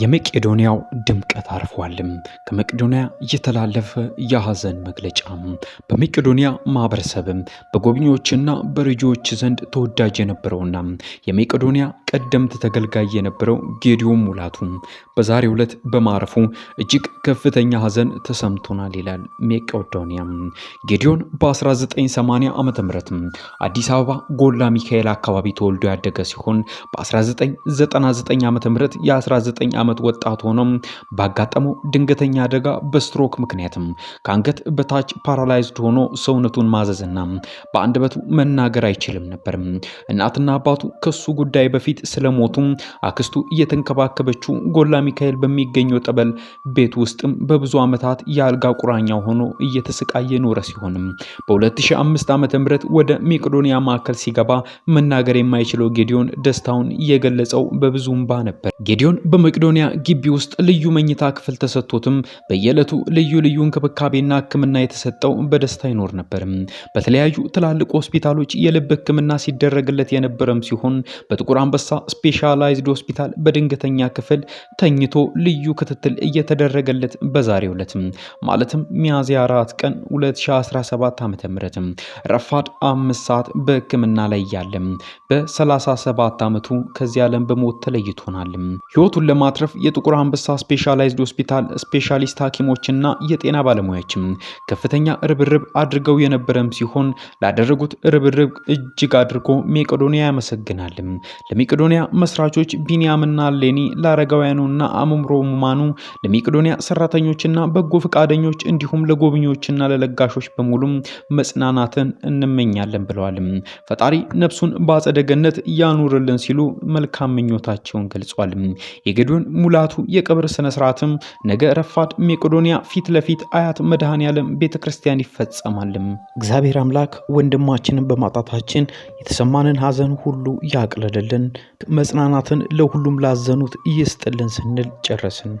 የመቄዶንያው ድምቀት አርፏልም። ከመቄዶንያ የተላለፈ የሐዘን መግለጫ በመቄዶንያ ማህበረሰብ በጎብኚዎችና በረጂዎች ዘንድ ተወዳጅ የነበረውና የመቄዶንያ ቀደምት ተገልጋይ የነበረው ጌዲዮን ሙላቱ በዛሬው ዕለት በማረፉ እጅግ ከፍተኛ ሐዘን ተሰምቶናል ይላል መቄዶንያ። ጌዲዮን በ1980 ዓ ም አዲስ አበባ ጎላ ሚካኤል አካባቢ ተወልዶ ያደገ ሲሆን በ1999 ዓ ም የ19 ዓመት ወጣት ሆኖ ባጋጠመው ድንገተኛ አደጋ በስትሮክ ምክንያትም ከአንገት በታች ፓራላይዝድ ሆኖ ሰውነቱን ማዘዝና በአንደበቱ መናገር አይችልም ነበር። እናትና አባቱ ከሱ ጉዳይ በፊት ስለሞቱ አክስቱ እየተንከባከበችው ጎላ ሚካኤል በሚገኘው ጠበል ቤት ውስጥም በብዙ ዓመታት የአልጋ ቁራኛ ሆኖ እየተሰቃየ ኖረ ሲሆንም በ2005 ዓ.ም ወደ ሜቄዶንያ ማዕከል ሲገባ መናገር የማይችለው ጌዲዮን ደስታውን የገለጸው በብዙ እምባ ነበር። ጌዲዮን በመቄዶንያ መታከሚያ ግቢ ውስጥ ልዩ መኝታ ክፍል ተሰጥቶትም በየዕለቱ ልዩ ልዩ እንክብካቤና ሕክምና የተሰጠው በደስታ ይኖር ነበር። በተለያዩ ትላልቅ ሆስፒታሎች የልብ ሕክምና ሲደረግለት የነበረም ሲሆን በጥቁር አንበሳ ስፔሻላይዝድ ሆስፒታል በድንገተኛ ክፍል ተኝቶ ልዩ ክትትል እየተደረገለት በዛሬው ዕለት ማለትም ሚያዝያ 4 ቀን 2017 ዓ.ም ረፋድ አምስት ሰዓት በሕክምና ላይ እያለ በ37 ዓመቱ ከዚህ ዓለም በሞት ተለይቶናል። ሕይወቱን ለማትረፍ በማትረፍ የጥቁር አንበሳ ስፔሻላይዝድ ሆስፒታል ስፔሻሊስት ሐኪሞችና የጤና ባለሙያዎችም ከፍተኛ ርብርብ አድርገው የነበረም ሲሆን ላደረጉት ርብርብ እጅግ አድርጎ ሜቄዶኒያ ያመሰግናል ለሜቄዶኒያ መስራቾች ቢኒያምና ሌኒ፣ ለአረጋውያኑና አእምሮ ሕሙማኑ፣ ለሜቄዶኒያ ሰራተኞችና በጎ ፈቃደኞች እንዲሁም ለጎብኚዎችና ለለጋሾች በሙሉም መጽናናትን እንመኛለን ብለዋል። ፈጣሪ ነፍሱን በአጸደ ገነት ያኑርልን ሲሉ መልካም ምኞታቸውን ገልጿል። የገዲዮን ሙላቱ የቀብር ስነስርዓትም ነገ ረፋድ ሜቄዶንያ ፊት ለፊት አያት መድሃን ያለም ቤተ ክርስቲያን ይፈጸማልም። እግዚአብሔር አምላክ ወንድማችንን በማጣታችን የተሰማንን ሐዘን ሁሉ ያቅልልልን፣ መጽናናትን ለሁሉም ላዘኑት ይስጥልን ስንል ጨረስን።